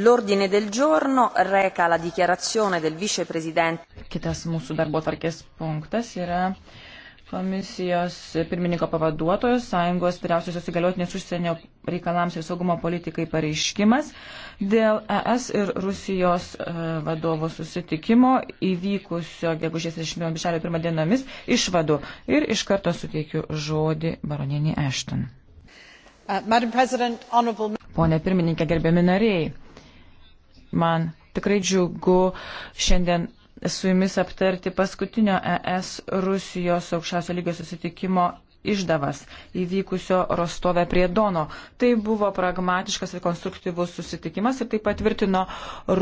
L'ordine del giorno reca la dichiarazione del viceprezidente. Kitas mūsų darbo tvarkės punktas yra komisijos pirmininko pavaduotojos Sąjungos vyriausiosios įgaliotinės užsienio reikalams ir saugumo politikai pareiškimas dėl ES ir Rusijos e, vadovo susitikimo įvykusio gegužės 31 dienomis išvadų. Ir iš karto suteikiu žodį baronienį Ešton. Uh, Pone pirmininkė, gerbiami nariai. Man tikrai džiugu šiandien su jumis aptarti paskutinio ES Rusijos aukščiausio lygio susitikimo išdavas įvykusio Rostove prie Dono. Tai buvo pragmatiškas ir konstruktyvus susitikimas ir tai patvirtino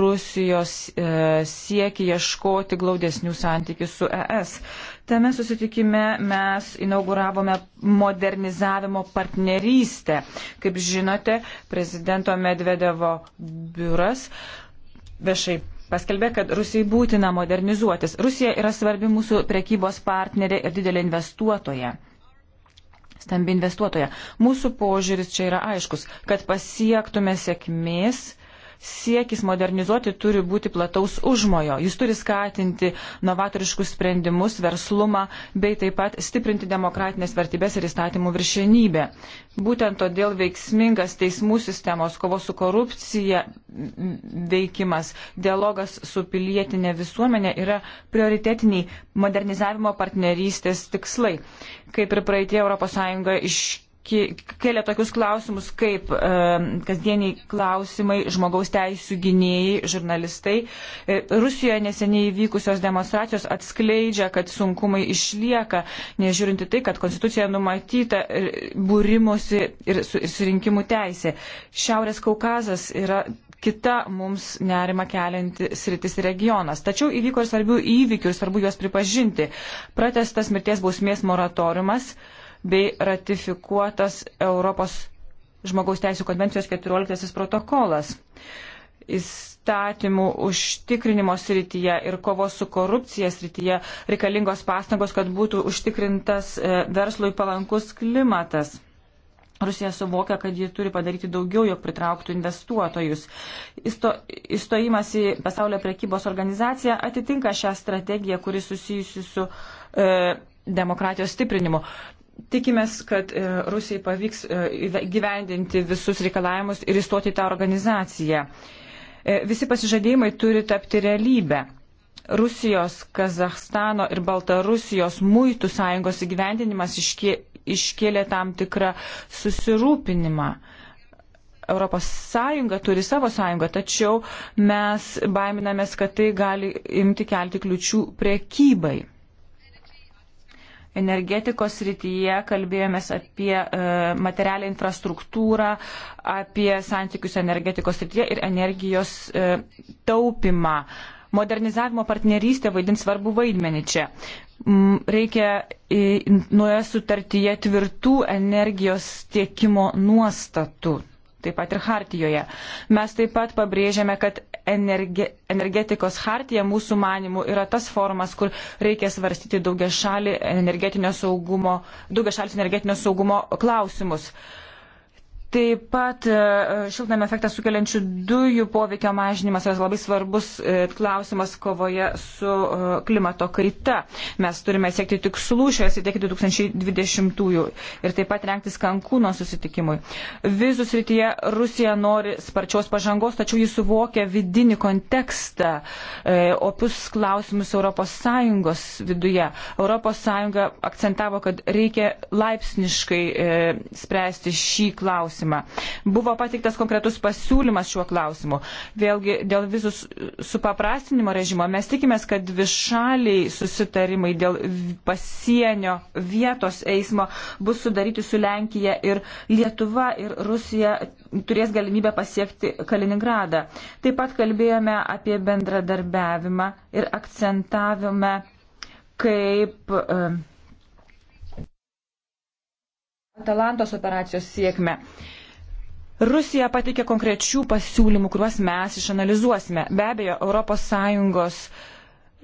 Rusijos e, siekį ieškoti glaudesnių santykių su ES. Tame susitikime mes inauguravome modernizavimo partnerystę. Kaip žinote, prezidento Medvedevo biuras viešai paskelbė, kad Rusijai būtina modernizuotis. Rusija yra svarbi mūsų prekybos partnerė ir didelė investuotoja. Stambi investuotoja. Mūsų požiūris čia yra aiškus, kad pasiektume sėkmės siekis modernizuoti turi būti plataus užmojo. Jis turi skatinti novatoriškus sprendimus, verslumą bei taip pat stiprinti demokratinės vertybės ir įstatymų viršenybę. Būtent todėl veiksmingas teismų sistemos, kovos su korupcija veikimas, dialogas su pilietinė visuomenė yra prioritetiniai modernizavimo partnerystės tikslai. Kaip ir praeitie ES iš kėlė tokius klausimus kaip e, kasdieniai klausimai žmogaus teisų gynėjai, žurnalistai. E, Rusijoje neseniai vykusios demonstracijos atskleidžia, kad sunkumai išlieka, nežiūrinti tai, kad konstitucija numatyta e, būrimusi ir, ir surinkimų teisė. Šiaurės Kaukazas yra kita mums nerima kelianti sritis regionas. Tačiau įvyko ir svarbių įvykių ir svarbu juos pripažinti. Pratestas mirties bausmės moratoriumas. E, bei ratifikuotas Europos žmogaus teisų konvencijos 14 protokolas. Įstatymų užtikrinimo srityje ir kovos su korupcija srityje reikalingos pastangos, kad būtų užtikrintas e, verslui palankus klimatas. Rusija suvokia, kad ji turi padaryti daugiau, jog pritrauktų investuotojus. Įsto, įstojimas į pasaulio prekybos organizaciją atitinka šią strategiją, kuri susijusi su e, demokratijos stiprinimu. Tikimės, kad e, Rusijai pavyks e, gyvendinti visus reikalavimus ir įstoti tą organizaciją. E, visi pasižadėjimai turi tapti realybę. Rusijos, Kazahstano ir Baltarusijos muitų sąjungos įgyvendinimas iškė, iškėlė tam tikrą susirūpinimą. Europos Sąjunga turi savo sąjungą, tačiau mes baiminamės, kad tai gali imti kelti kliučių priekybai energetikos rytyje kalbėjomės apie e, materialią infrastruktūrą, apie santykius energetikos rytyje ir energijos e, taupimą. Modernizavimo partnerystė vaidins svarbu vaidmenį čia. Reikia e, nuoje sutartyje tvirtų energijos tiekimo nuostatų taip pat ir Hartijoje. Mes taip pat pabrėžiame, kad energe, energetikos Hartija mūsų manimų yra tas formas, kur reikia svarstyti daugia šalį energetinio saugumo, daugia šalis energetinio saugumo klausimus. Uh, Taip pat e, šiltnamio efektą sukeliančių dujų poveikio mažinimas yra labai svarbus e, klausimas kovoje su e, klimato kaita. Mes turime siekti tikslų šioje srityje iki 2020-ųjų ir taip pat renktis Kankūno susitikimui. Vizų srityje Rusija nori sparčios pažangos, tačiau jis suvokia vidinį kontekstą, opius klausimus ES viduje. ES akcentavo, kad reikia laipsniškai spręsti šį klausimą klausimą. Buvo patiktas konkretus pasiūlymas šiuo klausimu. Vėlgi dėl vizų supaprastinimo režimo mes tikimės, kad višaliai susitarimai dėl pasienio vietos eismo bus sudaryti su Lenkija ir Lietuva ir Rusija turės galimybę pasiekti Kaliningradą. Taip pat kalbėjome apie bendradarbiavimą ir akcentavome kaip e, Atalantos operacijos sėkmę. Uh, Rusija pateikė konkrečių pasiūlymų, kuriuos mes išanalizuosime. Be abejo, ES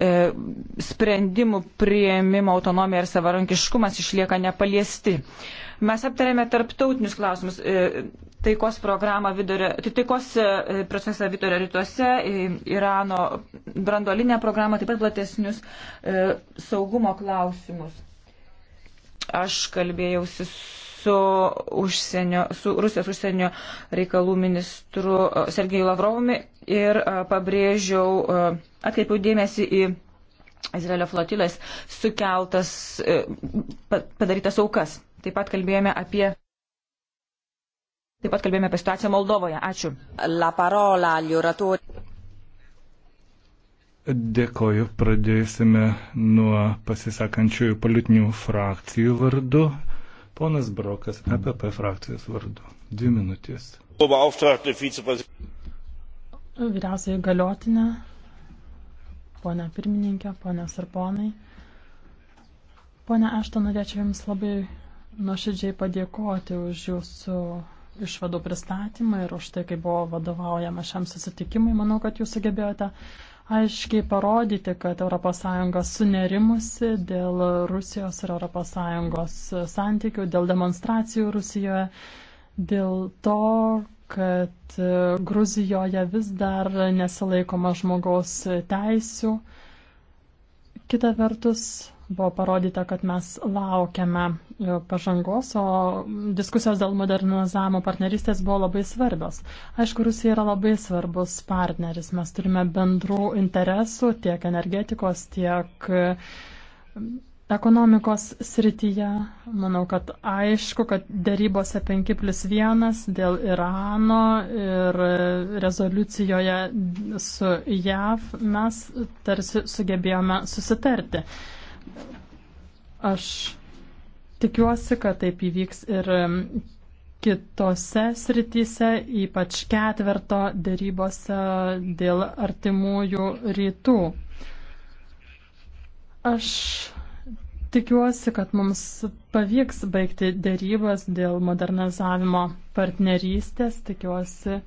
e, sprendimų prieimimo autonomija ir savarankiškumas išlieka nepaliesti. Mes aptarėme tarptautinius klausimus. E, taikos programą vidurio, tai taikos e, procesą vidurio rytuose, e, Irano brandolinę programą, taip pat platesnius e, saugumo klausimus. Aš kalbėjausi su su, užsienio, su Rusijos užsienio reikalų ministru e, Sergejų Lavrovumi ir e, pabrėžiau, e, atkreipiau dėmesį į Izraelio flotilės sukeltas, padarytas aukas. Taip pat kalbėjome apie. Taip pat kalbėjome apie situaciją Moldovoje. Ačiū. La parola agli oratori. Dėkoju. Pradėsime nuo pasisakančiųjų politinių frakcijų vardu. Ponas Brokas, EPP frakcijos vardu. Dvi minutės. Vyriausiai galiotinė, ponia pirmininkė, ponios ir ponai. Pone Ašto, norėčiau Jums labai nuoširdžiai padėkoti už Jūsų išvadų pristatymą ir už tai, kaip buvo vadovaujama šiam susitikimui. Manau, kad Jūs sugebėjote aiškiai parodyti, kad ES sunerimusi dėl Rusijos ir ES santykių, dėl demonstracijų Rusijoje, dėl to, kad Gruzijoje vis dar nesilaikoma žmogaus teisių. Kita vertus, buvo parodyta, kad mes laukiame e, pažangos, o diskusijos dėl modernizavimo partnerystės buvo labai svarbios. Aišku, Rusija yra labai svarbus partneris. Mes turime bendrų interesų tiek energetikos, tiek e, ekonomikos srityje. Manau, kad aišku, kad dėrybose 5 plus 1 dėl Irano ir rezoliucijoje su JAV mes tarsi sugebėjome susitarti. Aš tikiuosi, kad taip įvyks ir um, kitose srityse, ypač ketverto dėrybose dėl artimųjų rytų. Aš tikiuosi, kad mums pavyks baigti dėrybas dėl modernizavimo partnerystės. Tikiuosi,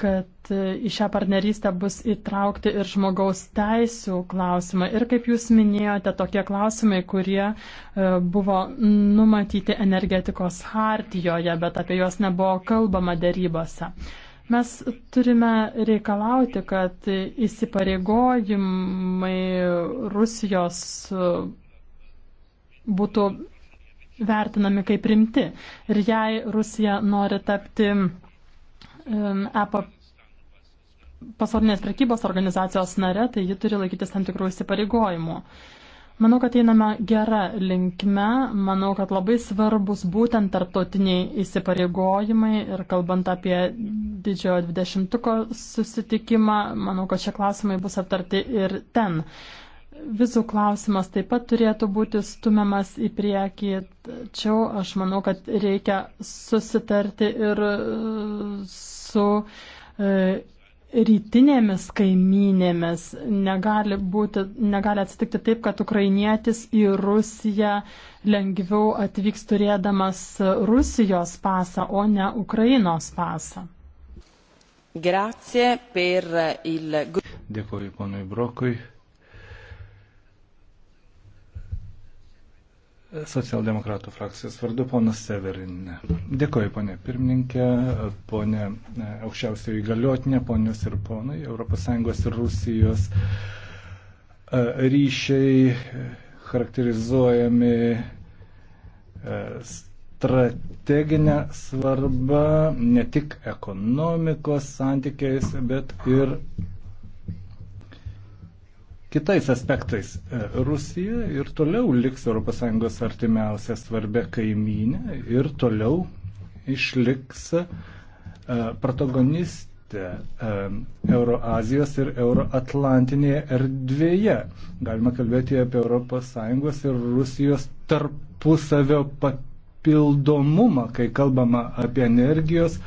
kad į šią partnerystę bus įtraukti ir žmogaus teisų klausimai. Ir kaip jūs minėjote, tokie klausimai, kurie e, buvo numatyti energetikos hartijoje, bet apie juos nebuvo kalbama dėrybose. Mes turime reikalauti, kad įsipareigojimai Rusijos e, būtų vertinami kaip rimti. Ir jei Rusija nori tapti EPA e pasaulinės prekybos organizacijos nare, tai ji turi laikytis tam tikrų įsipareigojimų. Manau, kad einame gerą linkme. Manau, kad labai svarbus būtent tarptautiniai įsipareigojimai ir kalbant apie didžiojo dvidešimtuko susitikimą, manau, kad šie klausimai bus aptarti ir ten. Uh, Vizų klausimas taip pat turėtų būti stumiamas į priekį, tačiau aš manau, kad reikia susitarti ir e, su e, rytinėmis kaimynėmis. Negali, būti, negali atsitikti taip, kad ukrainietis į Rusiją lengviau atvyks turėdamas Rusijos pasą, o ne Ukrainos pasą. Grazie per il. Dėkuoju ponui Brokui. Socialdemokratų frakcijos vardu ponas Severin. Dėkoju, ponė pirmininkė, ponė e, aukščiausio įgaliotinė, ponios ir ponai, ES ir Rusijos e, ryšiai e, charakterizuojami strateginę svarbą ne tik ekonomikos santykiais, bet ir kitais aspektais. E, Rusija ir toliau liks ES artimiausia svarbia kaimynė ir toliau išliks e, protagonistė e, Euroazijos ir Euroatlantinėje erdvėje. Galima kalbėti apie ES ir Rusijos tarpusavio papildomumą, kai kalbama apie energijos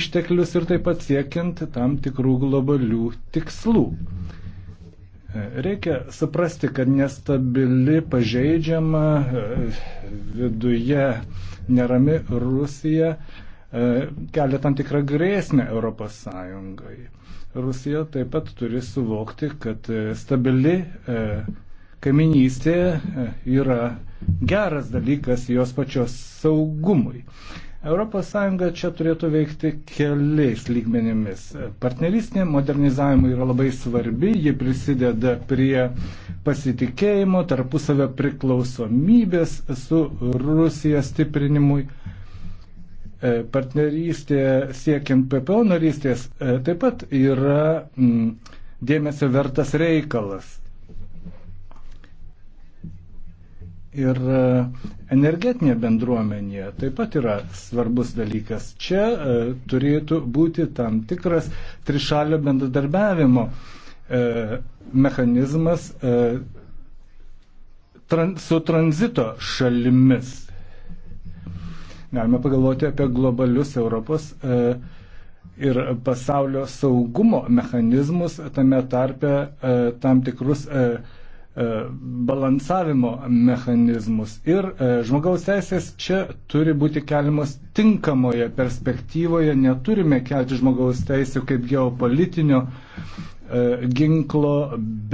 išteklius ir taip pat siekiant tam tikrų globalių tikslų. Reikia suprasti, kad nestabili, pažeidžiama viduje nerami Rusija e, kelia tam tikrą grėsmę Europos Sąjungai. Rusija taip pat turi suvokti, kad e, stabili e, kaiminystė yra geras dalykas jos pačios saugumui. ES čia turėtų veikti keliais lygmenimis. Partnerystė modernizavimui yra labai svarbi, ji prisideda prie pasitikėjimo, tarpusavio priklausomybės su Rusija stiprinimui. E, partnerystė siekiant PPO narystės e, taip pat yra mm, dėmesio vertas reikalas ir e, energetinė bendruomenė taip pat yra svarbus dalykas. Čia e, turėtų būti tam tikras trišalio bendradarbiavimo e, mechanizmas su tranzito šalimis. Galime pagalvoti apie globalius Europos ir pasaulio saugumo mechanizmus, tame tarpe tam tikrus E, balansavimo mechanizmus. Ir e, žmogaus teisės čia turi būti keliamos tinkamoje perspektyvoje, neturime kelti žmogaus teisų kaip geopolitinio e, ginklo,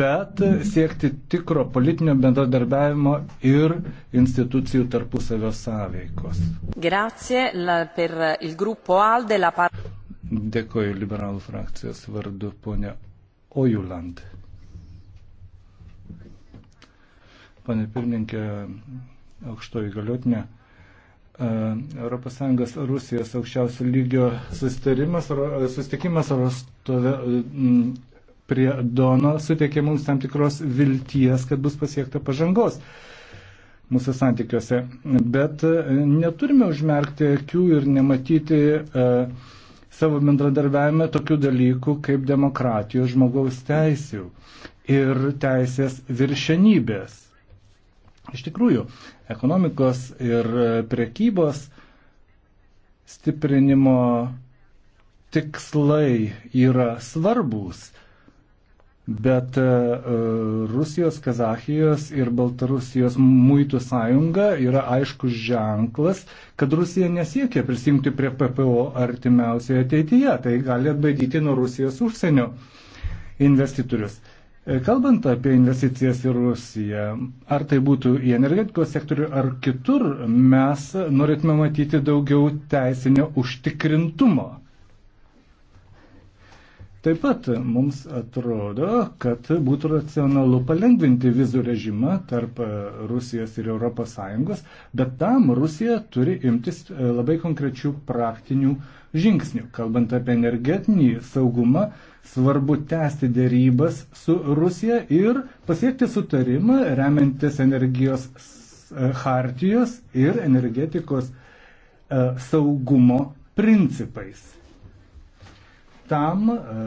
bet siekti tikro politinio bendradarbiavimo ir institucijų tarpusavio sąveikos. Grazie per il gruppo Alde. La... Dėkoju liberalų frakcijos vardu, ponia Ojuland. Pane pirmininkė, aukštoji galiotinė. ES Rusijos aukščiausio lygio susitikimas Rostove e, prie Dono suteikė mums tam tikros vilties, kad bus pasiekta pažangos mūsų santykiuose. Bet e, neturime užmerkti akių ir nematyti e, savo bendradarbiavime tokių dalykų kaip demokratijos žmogaus teisių ir teisės viršenybės Iš tikrųjų, ekonomikos ir prekybos stiprinimo tikslai yra svarbus, bet e, Rusijos, Kazahijos ir Baltarusijos muitų sąjunga yra aiškus ženklas, kad Rusija nesiekia prisijungti prie PPO artimiausioje ateityje. Tai gali atbaidyti nuo Rusijos užsienio investitorius. E, kalbant apie investicijas į Rusiją, ar tai būtų į energetikos sektorių ar kitur, mes norėtume matyti daugiau teisinio užtikrintumo. Taip pat mums atrodo, kad būtų racionalu palengvinti vizų režimą tarp Rusijos ir ES, bet tam Rusija turi imtis e, labai konkrečių praktinių žingsnių. Kalbant apie energetinį saugumą, Svarbu tęsti dėrybas su Rusija ir pasiekti sutarimą remiantis energijos e, hartijos ir energetikos e, saugumo principais. Tam e,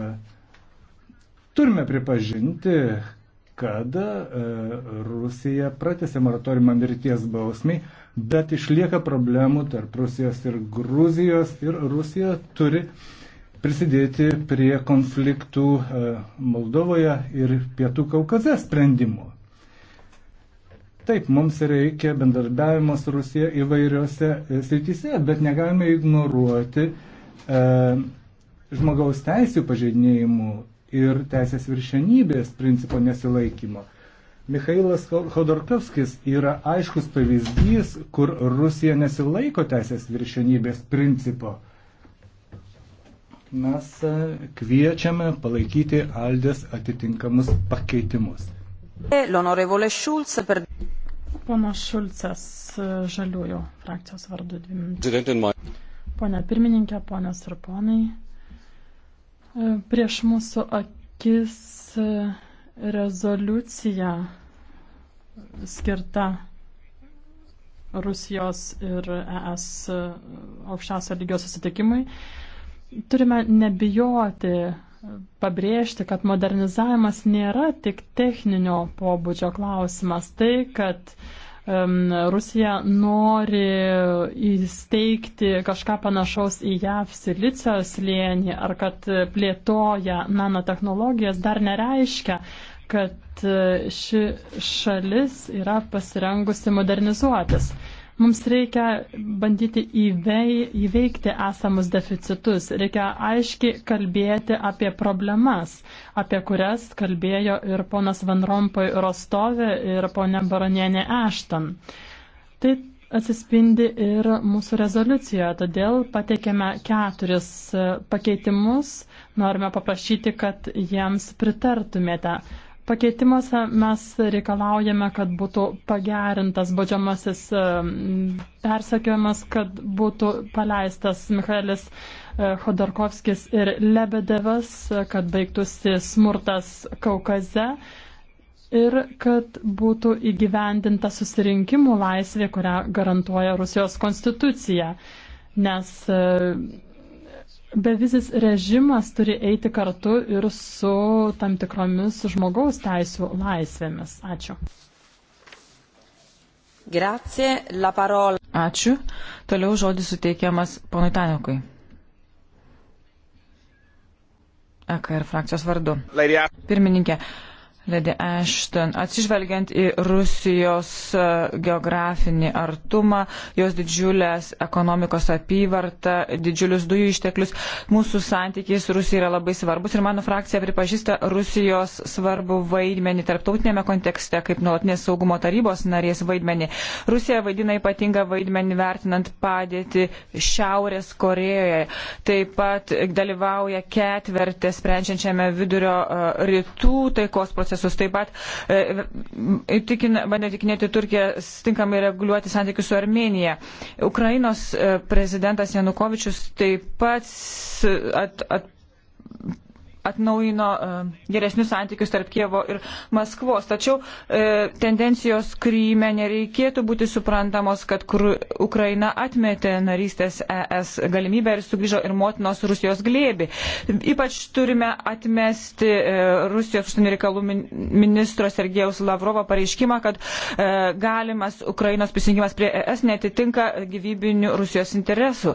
turime pripažinti, kad Rusija pratėsi moratoriumą mirties bausmiai, bet išlieka problemų tarp Rusijos ir Gruzijos ir Rusija turi uh, prisidėti prie konfliktų e, Moldovoje ir Pietų Kaukaze sprendimų. Taip, mums reikia bendarbiavimo su Rusija įvairiose e, srityse, bet negalime ignoruoti e, žmogaus teisų pažeidinėjimų ir teisės viršenybės principo nesilaikymo. Mikhailas Khodorkovskis yra aiškus pavyzdys, kur Rusija nesilaiko teisės viršenybės principo mes kviečiame palaikyti Aldės atitinkamus pakeitimus. Pono Šulcas, e, Žaliųjų frakcijos vardu dvi minutės. Pone pirmininkė, ponios ir ponai, e, prieš mūsų akis e, rezoliucija skirta Rusijos ir ES aukščiausio lygio susitikimui Turime nebijoti pabrėžti, kad modernizavimas nėra tik techninio pobūdžio klausimas. Tai, kad um, Rusija nori įsteigti kažką panašaus į JAV silicio slėnį ar kad plėtoja nanotehnologijas, dar nereiškia, kad e, ši šalis yra pasirengusi modernizuotis. Mums reikia bandyti įveikti esamus deficitus, reikia aiškiai kalbėti apie problemas, apie kurias kalbėjo ir ponas Van Rompoj Rostovė ir ponė Baronienė Ešton. Tai atsispindi ir mūsų rezoliucijoje, todėl pateikėme keturis e, pakeitimus, norime paprašyti, kad jiems pritartumėte. Pakeitimuose mes reikalaujame, kad būtų pagerintas baudžiamasis e, persekiojimas, kad būtų paleistas Michaelis Khodorkovskis e, ir Lebedevas, kad baigtųsi smurtas Kaukaze ir kad būtų įgyvendinta susirinkimų laisvė, kurią garantuoja Rusijos konstitucija. Nes e, Bevizis režimas turi eiti kartu ir su tam tikromis žmogaus teisų laisvėmis. Ačiū. Grazie, la parola. Ačiū. Toliau žodis suteikiamas ponui Tanikui. EKR frakcijos vardu. Pirmininkė, Lady Ashton, atsižvelgiant į Rusijos e, geografinį artumą, jos didžiulės ekonomikos apyvartą, didžiulius dujų išteklius, mūsų santykiai su Rusija yra labai svarbus ir mano frakcija pripažįsta Rusijos svarbu vaidmenį tarptautinėme kontekste, kaip nuolatinės saugumo tarybos narės vaidmenį. Rusija vaidina ypatingą vaidmenį vertinant padėtį Šiaurės Korejoje. Taip pat dalyvauja ketvertė sprendžiančiame vidurio e, rytų taikos procese procesus. Taip pat e, e, bandė tikinėti Turkiją tinkamai reguliuoti santykius su Armenija. Ukrainos e, prezidentas Janukovičius taip pat at, at, atnaujino e, geresnius santykius tarp Kievo ir Maskvos. Tačiau e, tendencijos Kryme nereikėtų būti suprantamos, kad Ukraina atmetė narystės ES galimybę ir sugrįžo ir motinos Rusijos glėbi. Ypač turime atmesti e, Rusijos užsienio reikalų ministro Sergejaus Lavrovo pareiškimą, kad galimas Ukrainos prisijungimas prie ES netitinka gyvybinių Rusijos interesų.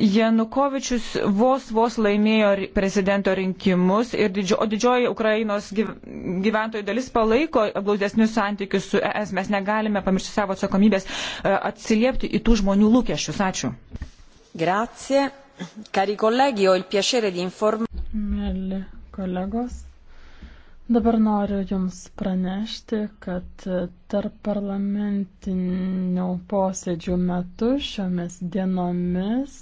Janukovičius vos vos laimėjo prezidento rinkimus, didžio, o didžioji Ukrainos gyventojų dalis palaiko glaudesnius santykius su ES. Mes negalime pamiršti savo atsakomybės e, atsiliepti į tų žmonių lūkesčius. Ačiū. Grazie. Cari colleghi, ho il piacere di informare. Mėly kolegos, Dabar noriu Jums pranešti, kad tarp parlamentinių posėdžių metu šiomis dienomis